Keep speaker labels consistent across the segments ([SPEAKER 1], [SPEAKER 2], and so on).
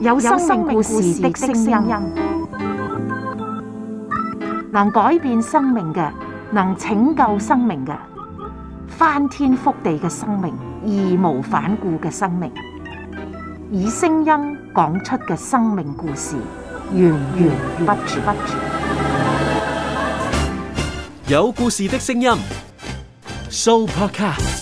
[SPEAKER 1] 有生命故事的聲音，能改變生命嘅，能拯救生命嘅，翻天覆地嘅生命，義無反顧嘅生命，以聲音講出嘅生命故事，源源不絕。有故事的聲音，Supercar。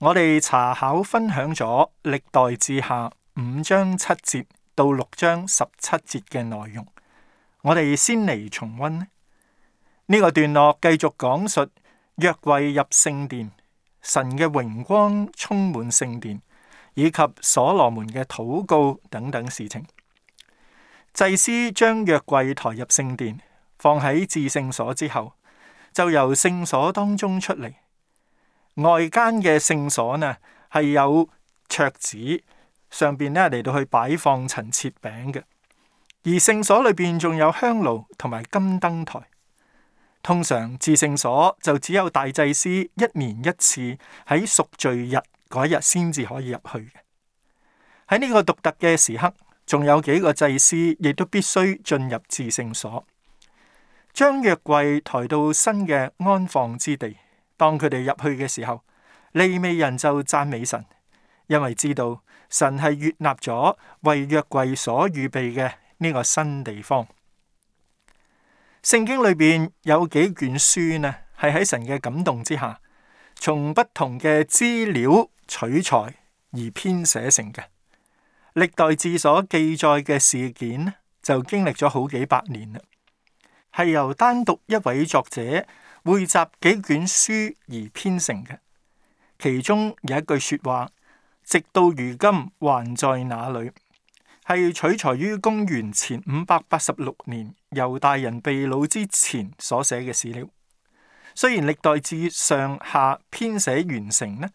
[SPEAKER 1] 我哋查考分享咗歷代志下五章七節到六章十七節嘅內容，我哋先嚟重溫呢，呢、這個段落繼續講述約櫃入聖殿，神嘅榮光充滿聖殿，以及所羅門嘅禱告等等事情。祭司將約櫃抬入聖殿，放喺至聖所之後，就由聖所當中出嚟。外間嘅聖所呢，係有桌子上邊呢嚟到去擺放陳設餅嘅，而聖所裏邊仲有香爐同埋金燈台。通常至聖所就只有大祭司一年一次喺贖罪日嗰日先至可以入去。喺呢個獨特嘅時刻，仲有幾個祭司亦都必須進入至聖所，將約櫃抬到新嘅安放之地。當佢哋入去嘅時候，利未人就讚美神，因為知道神係悦納咗為約櫃所預備嘅呢個新地方。聖經裏邊有幾卷書呢，係喺神嘅感動之下，從不同嘅資料取材而編寫成嘅。歷代志所記載嘅事件就經歷咗好幾百年啦，係由單獨一位作者，匯集幾卷書而編成嘅，其中有一句說話，直到如今還在那裏，係取材於公元前五百八十六年猶大人被擄之前所寫嘅史料。雖然歷代志上下編寫完成呢，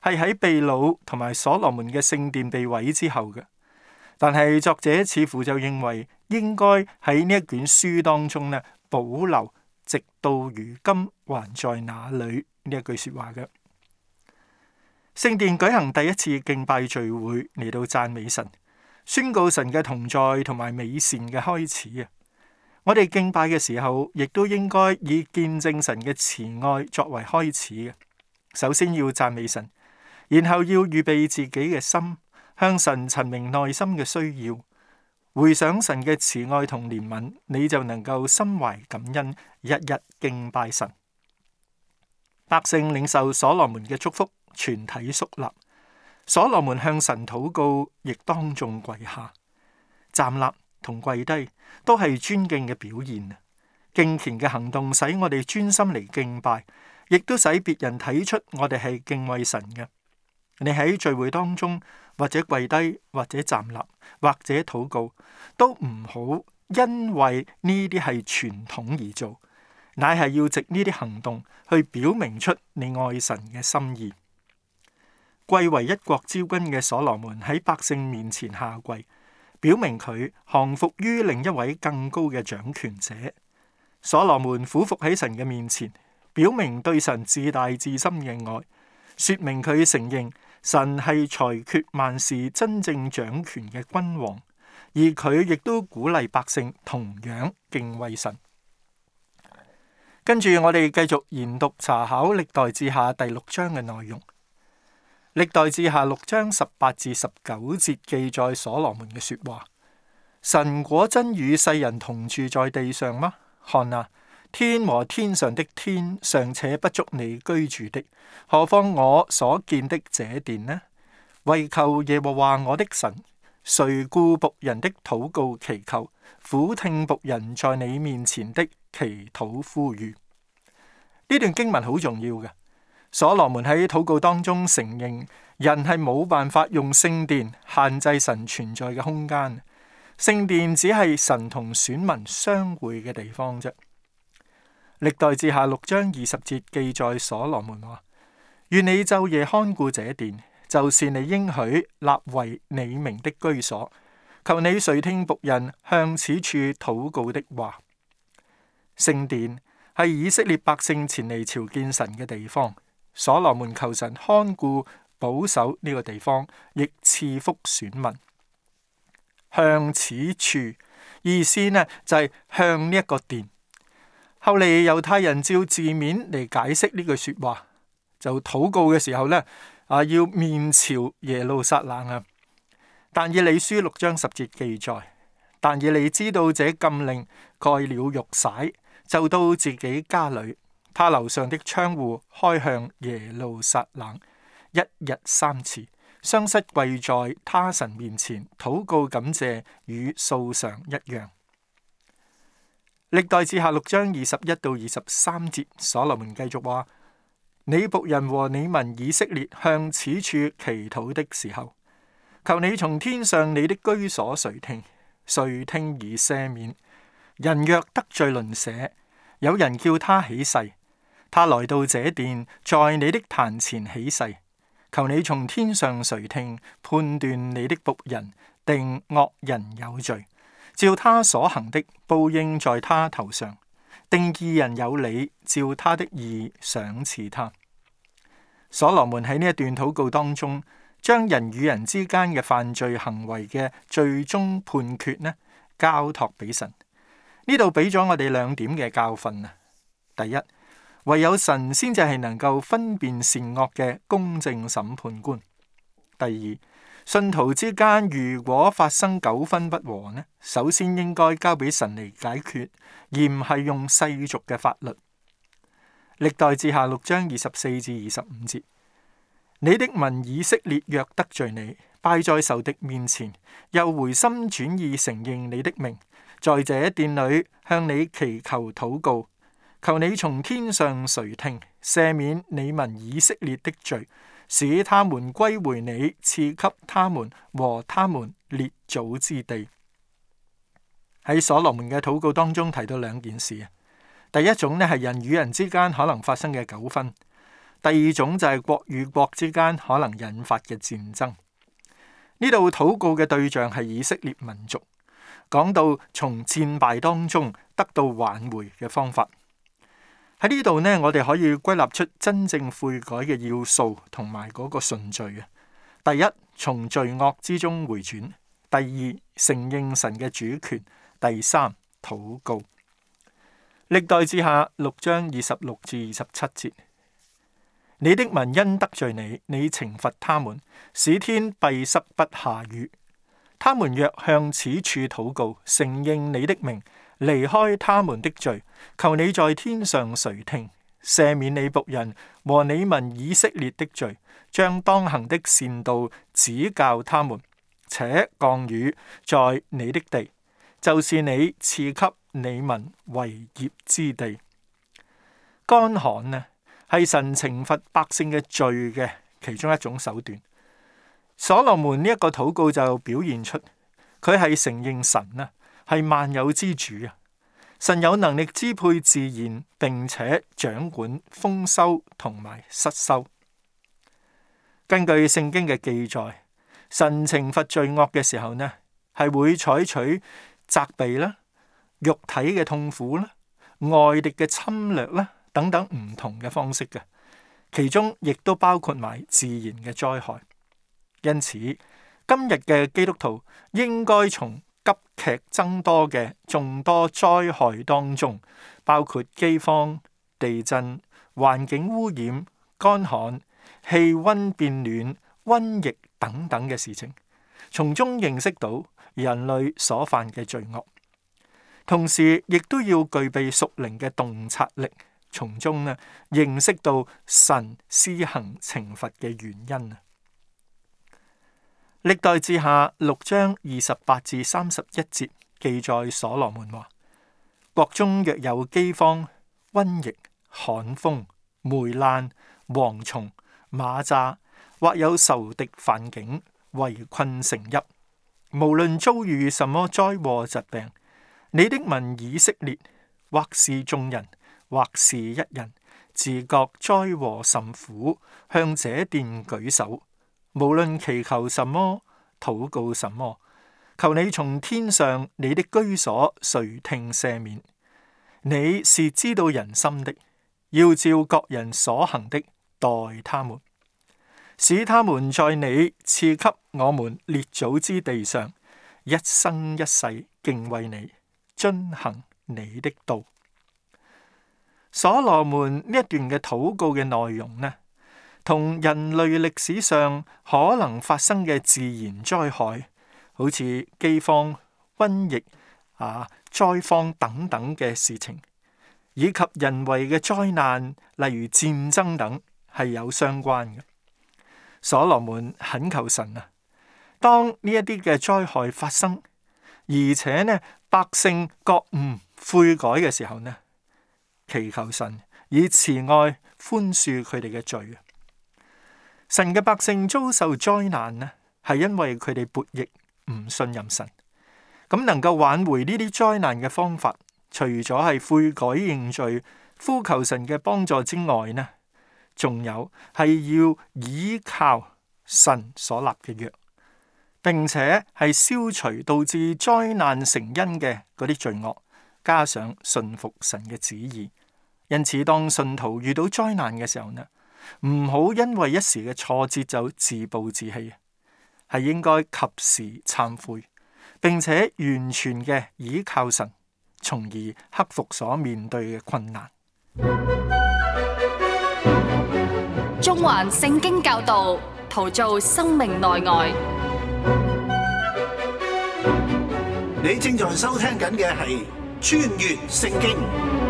[SPEAKER 1] 係喺被擄同埋所羅門嘅聖殿被毀之後嘅，但係作者似乎就認為應該喺呢一卷書當中呢保留。直到如今還在哪裏呢？呢句說話嘅聖殿舉行第一次敬拜聚會嚟到讚美神，宣告神嘅同在同埋美善嘅開始啊！我哋敬拜嘅時候，亦都應該以見證神嘅慈愛作為開始嘅，首先要讚美神，然後要預備自己嘅心，向神陳明內心嘅需要。回想神嘅慈愛同憐憫，你就能夠心懷感恩，日日敬拜神。百姓領受所羅門嘅祝福，全體肅立。所羅門向神禱告，亦當眾跪下，站立同跪低，都係尊敬嘅表現。敬虔嘅行動使我哋專心嚟敬拜，亦都使別人睇出我哋係敬畏神嘅。你喺聚會當中，或者跪低，或者站立，或者禱告，都唔好因為呢啲係傳統而做，乃係要藉呢啲行動去表明出你愛神嘅心意。貴為一國之君嘅所羅門喺百姓面前下跪，表明佢降服於另一位更高嘅掌權者。所羅門俯伏喺神嘅面前，表明對神自大至深嘅愛，說明佢承認。神係裁決萬事真正掌權嘅君王，而佢亦都鼓勵百姓同樣敬畏神。跟住我哋繼續研讀查考歷代志下第六章嘅內容。歷代志下六章十八至十九節記載所羅門嘅說話：神果真與世人同住在地上嗎？看啊！天和天上的天尚且不足你居住的，何況我所見的這殿呢？為求耶和華我的神垂顧僕人的禱告祈求，俯聽僕人在你面前的祈禱呼籲。呢段經文好重要嘅。所羅門喺禱告當中承認，人係冇辦法用聖殿限制神存在嘅空間，聖殿只係神同選民相會嘅地方啫。歷代誌下六章二十節記載，所羅門話：願你晝夜看顧這殿，就是你應許立為你名的居所。求你垂聽僕人向此處禱告的話。聖殿係以色列百姓前嚟朝見神嘅地方。所羅門求神看顧、保守呢個地方，亦賜福選民。向此處意思呢就係、是、向呢一個殿。後嚟猶太人照字面嚟解釋呢句説話，就禱告嘅時候呢，啊要面朝耶路撒冷啊。但以理書六章十節記載，但以理知道這禁令蓋了玉璽，就到自己家裏，他樓上的窗戶開向耶路撒冷，一日三次，雙膝跪在他神面前禱告感謝，與素常一樣。歷代志下六章二十一到二十三節，所羅門繼續話：你僕人和你民以色列向此處祈禱的時候，求你從天上你的居所垂聽，垂聽而赦免。人若得罪鄰舍，有人叫他起誓，他來到這殿，在你的壇前起誓，求你從天上垂聽，判斷你的僕人定惡人有罪。照他所行的報應在他頭上，定義人有理，照他的義賞賜他。所羅門喺呢一段禱告當中，將人與人之間嘅犯罪行為嘅最終判決呢，交託俾神。呢度俾咗我哋兩點嘅教訓啊！第一，唯有神先至係能夠分辨善惡嘅公正審判官。第二。信徒之間如果發生糾紛不和呢，首先應該交俾神嚟解決，而唔係用世俗嘅法律。歷代志下六章二十四至二十五節：你的民以色列若得罪你，敗在仇敵面前，又回心轉意承認你的名，在這殿裏向你祈求禱告，求你從天上垂聽，赦免你民以色列的罪。使他們歸回你，賜給他們和他們列祖之地。喺所羅門嘅禱告當中提到兩件事，第一種呢，係人與人之間可能發生嘅糾紛，第二種就係國與國之間可能引發嘅戰爭。呢度禱告嘅對象係以色列民族，講到從戰敗當中得到挽回嘅方法。喺呢度呢，我哋可以歸納出真正悔改嘅要素同埋嗰個順序啊！第一，從罪惡之中回轉；第二，承認神嘅主權；第三，禱告。歷代志下六章二十六至二十七節：你的民因得罪你，你懲罰他們，使天閉塞不下雨。他們若向此處禱告，承認你的名。離開他們的罪，求你在天上垂聽，赦免你僕人和你民以色列的罪，將當行的善道指教他們，且降雨在你的地，就是你賜給你民為業之地。乾旱呢，係神懲罰百姓嘅罪嘅其中一種手段。所羅門呢一個禱告就表現出佢係承認神呢，係萬有之主啊！神有能力支配自然，並且掌管豐收同埋失收。根據聖經嘅記載，神懲罰罪惡嘅時候呢，係會採取責備啦、肉體嘅痛苦啦、外敵嘅侵略啦等等唔同嘅方式嘅，其中亦都包括埋自然嘅災害。因此，今日嘅基督徒應該從急劇增多嘅眾多災害當中，包括饑荒、地震、環境污染、乾旱、氣溫變暖、瘟疫等等嘅事情，從中認識到人類所犯嘅罪惡，同時亦都要具備屬靈嘅洞察力，從中呢認識到神施行懲罰嘅原因。歷代志下六章二十八至三十一節記載所羅門話：國中若有饑荒、瘟疫、旱風、霉爛、蝗蟲、螞蚱，或有仇敵犯境、圍困城邑，無論遭遇什麼災禍疾病，你的民以色列，或是眾人，或是一人，自覺災禍甚苦，向這殿舉手。無論祈求什麼，禱告什麼，求你從天上你的居所垂聽赦免。你是知道人心的，要照各人所行的待他們，使他們在你賜給我們列祖之地上，一生一世敬畏你，遵行你的道。所羅門呢一段嘅禱告嘅內容呢，同人類歷史上可能發生嘅自然災害，好似饑荒、瘟疫啊、災荒等等嘅事情，以及人為嘅災難，例如戰爭等，係有相關嘅。所羅門懇求神啊，當呢一啲嘅災害發生，而且呢百姓覺悟悔改嘅時候呢，祈求神以慈愛寬恕佢哋嘅罪。神嘅百姓遭受災難呢，係因為佢哋悖逆，唔信任神。咁能夠挽回呢啲災難嘅方法，除咗係悔改認罪、呼求神嘅幫助之外呢，仲有係要依靠神所立嘅約，並且係消除導致災難成因嘅嗰啲罪惡，加上信服神嘅旨意。因此，當信徒遇到災難嘅時候呢，唔好因為一時嘅挫折就自暴自棄，係應該及時懺悔，並且完全嘅倚靠神，從而克服所面對嘅困難。
[SPEAKER 2] 中
[SPEAKER 1] 環聖經教導，陶造生命內外。你正在收聽緊嘅係穿越聖經。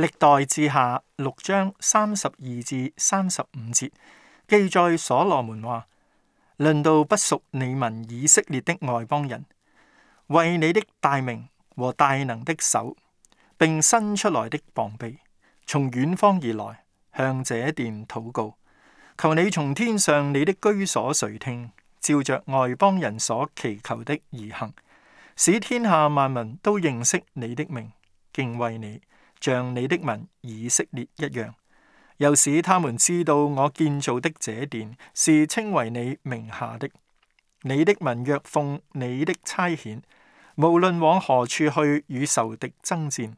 [SPEAKER 1] 歷代志下六章三十二至三十五節記載，所羅門話：論到不屬你民以色列的外邦人，為你的大名和大能的手，並伸出來的膀臂，從遠方而來向這殿禱告，求你從天上你的居所垂聽，照着外邦人所祈求的而行，使天下萬民都認識你的名，敬畏你。像你的民以色列一樣，又使他們知道我建造的這殿是稱為你名下的。你的民若奉你的差遣，無論往何處去與仇敵爭戰，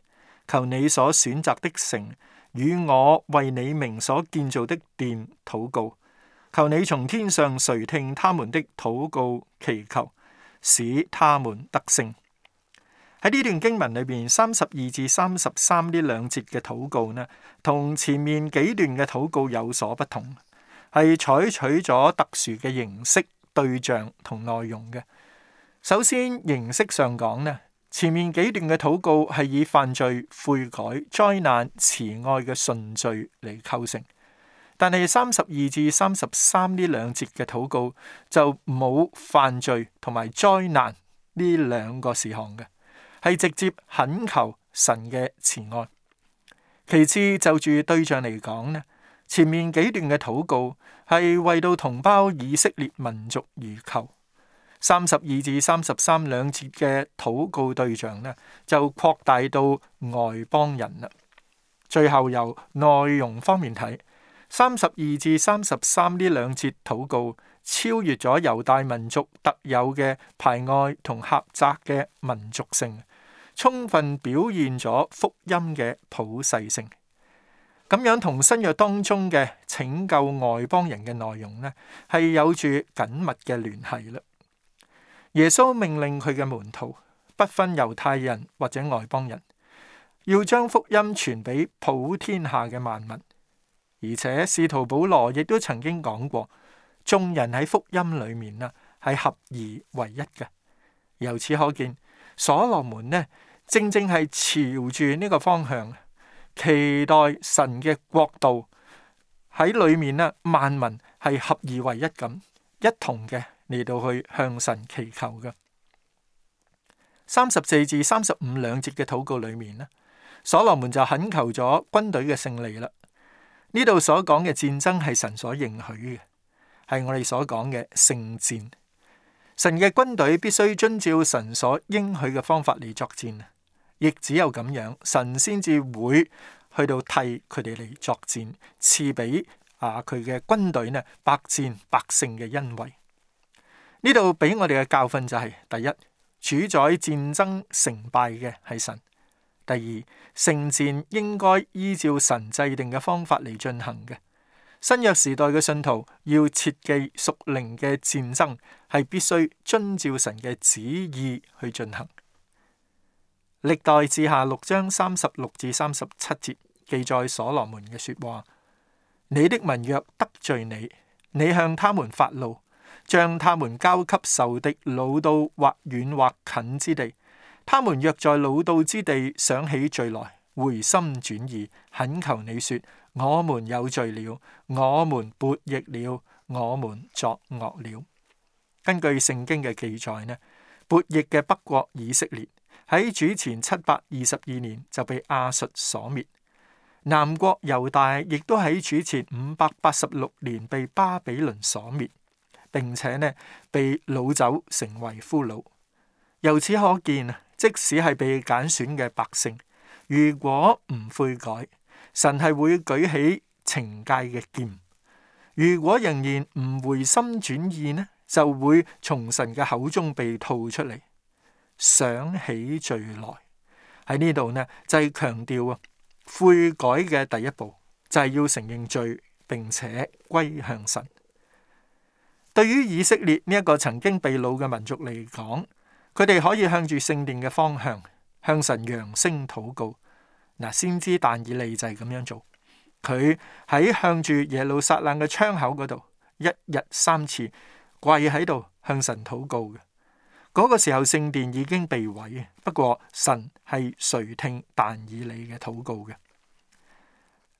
[SPEAKER 1] 求你所選擇的城與我為你名所建造的殿禱告，求你從天上垂聽他們的禱告祈求，使他們得勝。喺呢段經文裏邊，三十二至三十三呢兩節嘅禱告呢，同前面幾段嘅禱告有所不同，係採取咗特殊嘅形式、對象同內容嘅。首先，形式上講呢，前面幾段嘅禱告係以犯罪、悔改、災難、慈愛嘅順序嚟構成，但係三十二至三十三呢兩節嘅禱告就冇犯罪同埋災難呢兩個事項嘅。係直接懇求神嘅慈愛。其次就住對象嚟講呢，前面幾段嘅禱告係為到同胞以色列民族而求。三十二至三十三兩節嘅禱告對象呢，就擴大到外邦人啦。最後由內容方面睇，三十二至三十三呢兩節禱告。超越咗猶太民族特有嘅排外同狹窄嘅民族性，充分表現咗福音嘅普世性。咁樣同新約當中嘅拯救外邦人嘅內容呢，係有住緊密嘅聯繫啦。耶穌命令佢嘅門徒不分猶太人或者外邦人，要將福音傳俾普天下嘅萬物。而且使徒保羅亦都曾經講過。眾人喺福音裏面啊，係合而為一嘅。由此可見，所羅門呢，正正係朝住呢個方向，期待神嘅國度喺裏面呢，萬民係合而為一咁一同嘅嚟到去向神祈求嘅。三十四至三十五兩節嘅禱告裏面呢，所羅門就懇求咗軍隊嘅勝利啦。呢度所講嘅戰爭係神所認許嘅。係我哋所講嘅聖戰，神嘅軍隊必須遵照神所應許嘅方法嚟作戰。亦只有咁樣，神先至會去到替佢哋嚟作戰，賜俾啊佢嘅軍隊呢百戰百勝嘅恩惠。呢度俾我哋嘅教訓就係：第一，主宰戰爭成敗嘅係神；第二，聖戰應該依照神制定嘅方法嚟進行嘅。新約時代嘅信徒要切記，屬靈嘅戰爭係必須遵照神嘅旨意去進行。歷代志下六章三十六至三十七節記載所羅門嘅說話：你的民若得罪你，你向他們發怒，將他們交給仇敵，擄到或遠或近之地。他們若在擄到之地想起罪來，回心轉意，懇求你說。我們有罪了，我們悖逆了，我們作惡了。根據聖經嘅記載呢，悖逆嘅北國以色列喺主前七百二十二年就被亞述所滅；南國猶大亦都喺主前五百八十六年被巴比倫所滅，並且呢被擄走成為俘虜。由此可見啊，即使係被揀選嘅百姓，如果唔悔改。神係會舉起懲戒嘅劍，如果仍然唔回心轉意呢，就會從神嘅口中被吐出嚟，想起罪來。喺呢度呢就係強調啊悔改嘅第一步就係要承認罪，並且歸向神。對於以色列呢一個曾經被擄嘅民族嚟講，佢哋可以向住聖殿嘅方向向神揚聲禱告。先知但以利就係咁樣做，佢喺向住耶路撒冷嘅窗口嗰度，一日三次跪喺度向神禱告嘅。嗰、嗰個時候聖殿已經被毀，不過神係垂聽但以利嘅禱告嘅。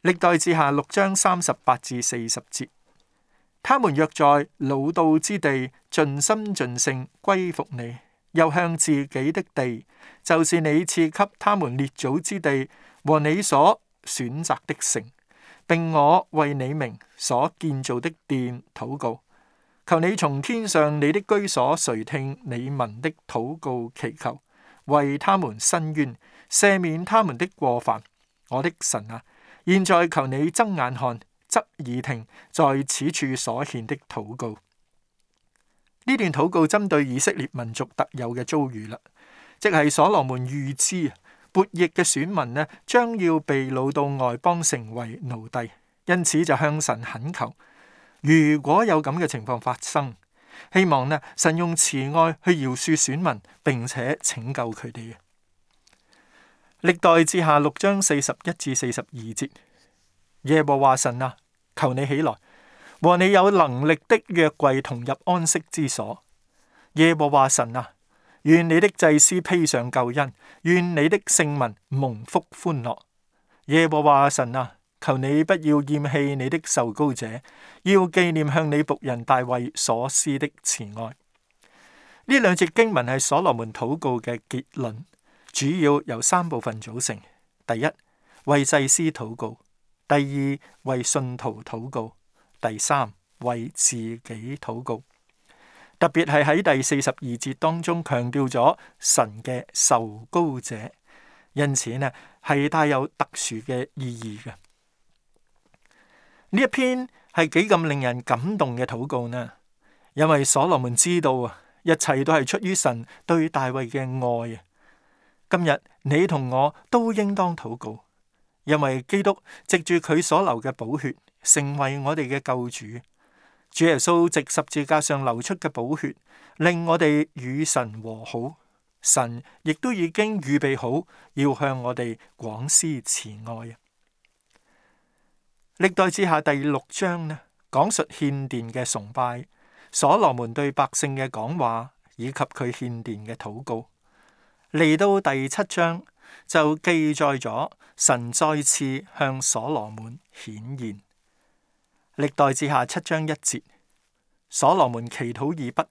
[SPEAKER 1] 歷代誌下六章三十八至四十節，他們若在老道之地盡心盡性歸服你，又向自己的地，就是你賜給他們列祖之地。和你所選擇的城，並我為你名所建造的殿，禱告，求你從天上你的居所垂聽你民的禱告祈求，為他們伸冤，赦免他們的過犯。我的神啊，現在求你睜眼看，側耳聽，在此處所獻的禱告。呢段禱告針對以色列民族特有嘅遭遇啦，即係所羅門預知叛逆嘅選民呢，將要被擄到外邦成為奴隸，因此就向神懇求：如果有咁嘅情況發生，希望呢神用慈愛去饒恕選民，並且拯救佢哋。歷代志下六章四十一至四十二節，耶和華神啊，求你起來，和你有能力的約櫃同入安息之所。耶和華神啊。願你的祭司披上救恩，願你的聖民蒙福歡樂。耶和華神啊，求你不要厭棄你的受膏者，要紀念向你僕人大衛所施的慈愛。呢兩節經文係所羅門禱告嘅結論，主要由三部分組成：第一，為祭司禱告；第二，為信徒禱告；第三，為自己禱告。特別係喺第四十二節當中強調咗神嘅受膏者，因此呢係帶有特殊嘅意義嘅。呢一篇係幾咁令人感動嘅禱告呢？因為所羅門知道啊，一切都係出於神對大衛嘅愛啊。今日你同我都應當禱告，因為基督藉住佢所流嘅寶血，成為我哋嘅救主。主耶穌藉十字架上流出嘅寶血，令我哋與神和好。神亦都已經預備好，要向我哋廣施慈愛。歷代志下第六章呢，講述獻殿嘅崇拜，所羅門對百姓嘅講話，以及佢獻殿嘅禱告。嚟到第七章，就記載咗神再次向所羅門顯現。歷代志下七章一節，所羅門祈禱已畢，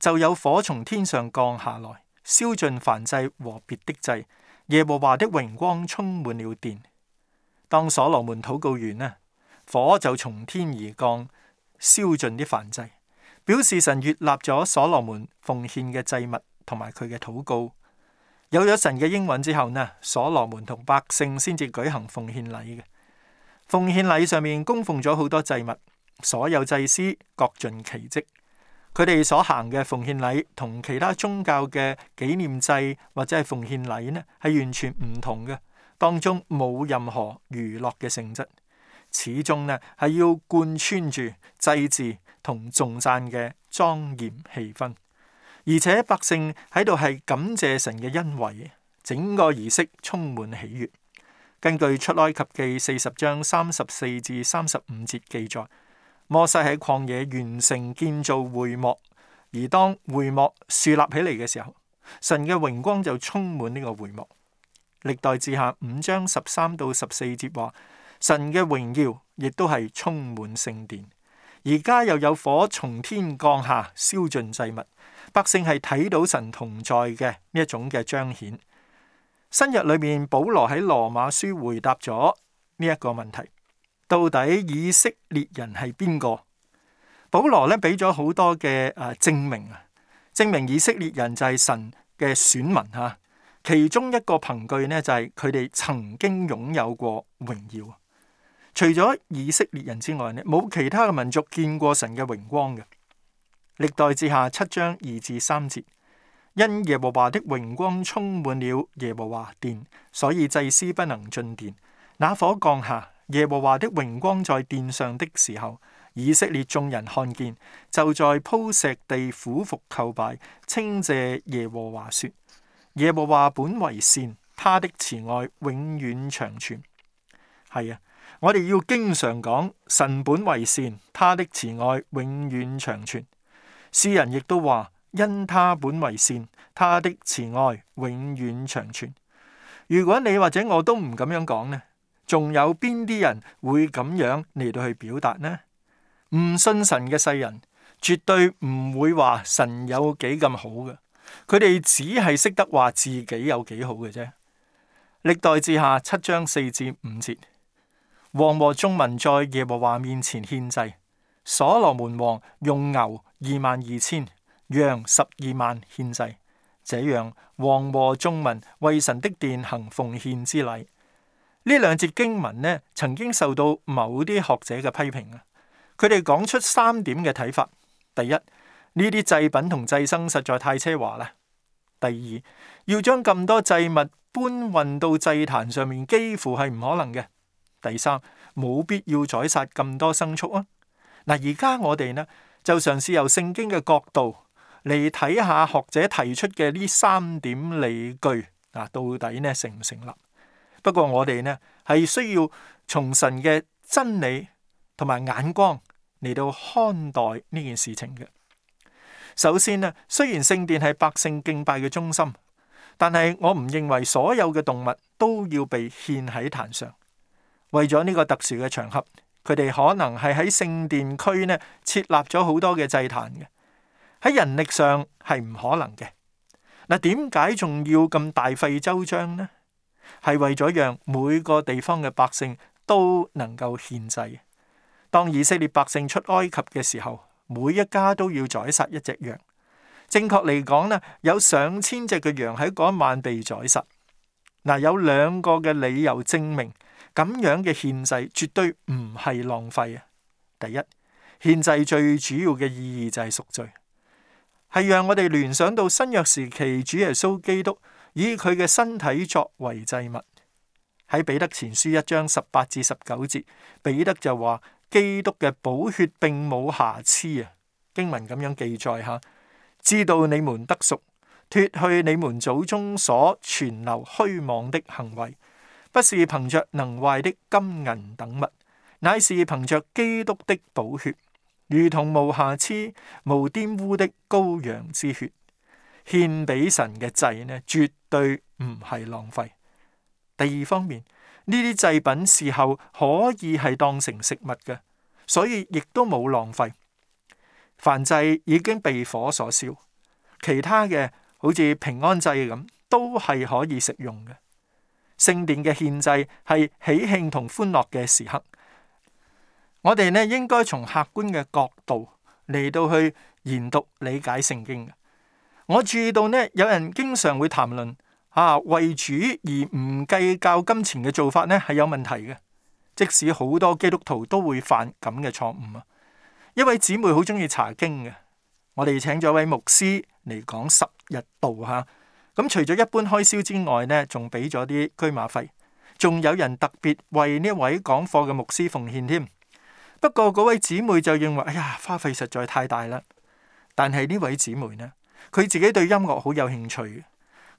[SPEAKER 1] 就有火從天上降下來，燒盡燔祭和別的祭，耶和華的榮光充滿了殿。當所羅門禱告完啊，火就從天而降，燒盡啲燔祭，表示神悅納咗所羅門奉獻嘅祭物同埋佢嘅禱告。有咗神嘅應允之後呢，所羅門同百姓先至舉行奉獻禮嘅。奉獻禮上面供奉咗好多祭物，所有祭司各盡其職。佢哋所行嘅奉獻禮同其他宗教嘅紀念祭或者係奉獻禮呢，係完全唔同嘅。當中冇任何娛樂嘅性質，始終呢係要貫穿住祭祀同頌讚嘅莊嚴氣氛，而且百姓喺度係感謝神嘅恩惠，整個儀式充滿喜悅。根據出埃及記四十章三十四至三十五節記載，摩西喺曠野完成建造會幕，而當會幕豎立起嚟嘅時候，神嘅榮光就充滿呢個會幕。歷代志下五章十三到十四節話，神嘅榮耀亦都係充滿聖殿。而家又有火從天降下，燒盡祭物，百姓係睇到神同在嘅呢一種嘅彰顯。新約裏面，保羅喺羅馬書回答咗呢一個問題：到底以色列人係邊個？保羅咧俾咗好多嘅誒證明啊，證明以色列人就係神嘅選民吓。其中一個憑據呢，就係佢哋曾經擁有過榮耀。除咗以色列人之外，咧冇其他嘅民族見過神嘅榮光嘅。歷代志下七章二至三節。因耶和華的榮光充滿了耶和華殿，所以祭司不能進殿。那火降下，耶和華的榮光在殿上的時候，以色列眾人看見，就在鋪石地俯伏叩拜，稱謝耶和華，說：耶和華本為善，他的慈愛永遠長存。係啊，我哋要經常講神本為善，他的慈愛永遠長存。詩人亦都話。因他本為善，他的慈愛永遠長存。如果你或者我都唔咁樣講呢，仲有邊啲人會咁樣嚟到去表達呢？唔信神嘅世人絕對唔會話神有幾咁好嘅，佢哋只係識得話自己有幾好嘅啫。歷代志下七章四至五節，王和眾民在耶和華面前獻祭，所羅門王用牛二萬二千。讓十二萬獻祭，這樣王和眾民為神的殿行奉獻之禮。呢兩節經文呢，曾經受到某啲學者嘅批評啊。佢哋講出三點嘅睇法：第一，呢啲祭品同祭牲實在太奢華啦；第二，要將咁多祭物搬運到祭壇上面，幾乎係唔可能嘅；第三，冇必要宰殺咁多牲畜啊。嗱，而家我哋呢就嘗試由聖經嘅角度。嚟睇下學者提出嘅呢三點理據啊，到底呢成唔成立？不過我哋呢係需要從神嘅真理同埋眼光嚟到看待呢件事情嘅。首先呢，雖然聖殿係百姓敬拜嘅中心，但係我唔認為所有嘅動物都要被獻喺壇上。為咗呢個特殊嘅場合，佢哋可能係喺聖殿區呢設立咗好多嘅祭壇嘅。喺人力上係唔可能嘅。嗱，點解仲要咁大費周章呢？係為咗讓每個地方嘅百姓都能夠獻祭。當以色列百姓出埃及嘅時候，每一家都要宰殺一隻羊。正確嚟講呢，有上千隻嘅羊喺嗰一晚被宰殺。嗱，有兩個嘅理由證明咁樣嘅獻祭絕對唔係浪費啊。第一，獻祭最主要嘅意義就係贖罪。係讓我哋聯想到新約時期主耶穌基督以佢嘅身體作為祭物。喺彼得前書一章十八至十九節，彼得就話，基督嘅寶血並冇瑕疵啊。經文咁樣記載吓，知道你們得贖，脫去你們祖宗所存留虛妄的行為，不是憑着能壞的金銀等物，乃是憑着基督的寶血。如同無瑕疵，無玷污的羔羊之血，獻俾神嘅祭呢，絕對唔係浪費。第二方面，呢啲祭品事後可以係當成食物嘅，所以亦都冇浪費。燔祭已經被火所燒，其他嘅好似平安祭咁，都係可以食用嘅。聖殿嘅獻祭係喜慶同歡樂嘅時刻。我哋咧應該從客觀嘅角度嚟到去研讀理解聖經。我注意到咧，有人經常會談論啊為主而唔計較金錢嘅做法咧係有問題嘅。即使好多基督徒都會犯咁嘅錯誤啊！一位姊妹好中意查經嘅，我哋請咗位牧師嚟講十日道吓。咁、啊、除咗一般開銷之外咧，仲俾咗啲車馬費，仲有人特別為呢位講課嘅牧師奉獻添。不過嗰位姊妹就認為，哎呀，花費實在太大啦。但係呢位姊妹呢，佢自己對音樂好有興趣，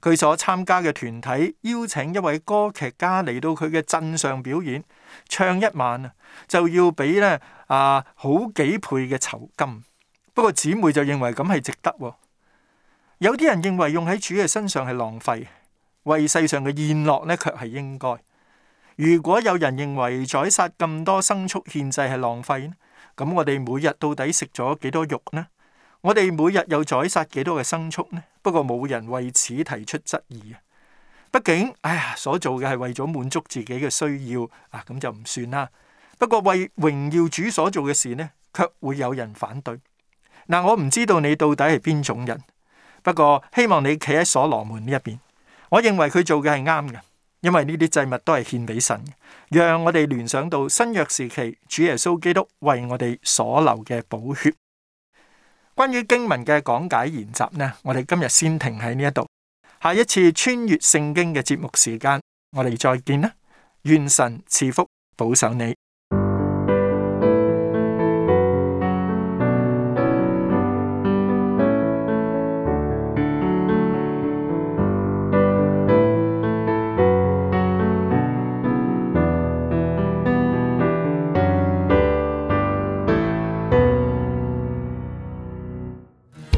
[SPEAKER 1] 佢所參加嘅團體邀請一位歌劇家嚟到佢嘅鎮上表演，唱一晚啊，就要俾呢啊好幾倍嘅酬金。不過姊妹就認為咁係值得。有啲人認為用喺主嘅身上係浪費，為世上嘅宴樂呢，卻係應該。如果有人認為宰殺咁多牲畜獻祭係浪費呢？咁我哋每日到底食咗幾多肉呢？我哋每日又宰殺幾多嘅牲畜呢？不過冇人為此提出質疑啊！畢竟，哎呀，所做嘅係為咗滿足自己嘅需要啊，咁就唔算啦。不過為榮耀主所做嘅事呢，卻會有人反對。嗱、呃，我唔知道你到底係邊種人，不過希望你企喺所羅門呢一邊。我認為佢做嘅係啱嘅。因為呢啲祭物都係獻俾神，讓我哋聯想到新約時期主耶穌基督為我哋所流嘅寶血。關於經文嘅講解研習呢，我哋今日先停喺呢一度，下一次穿越聖經嘅節目時間，我哋再見啦！願神賜福保守你。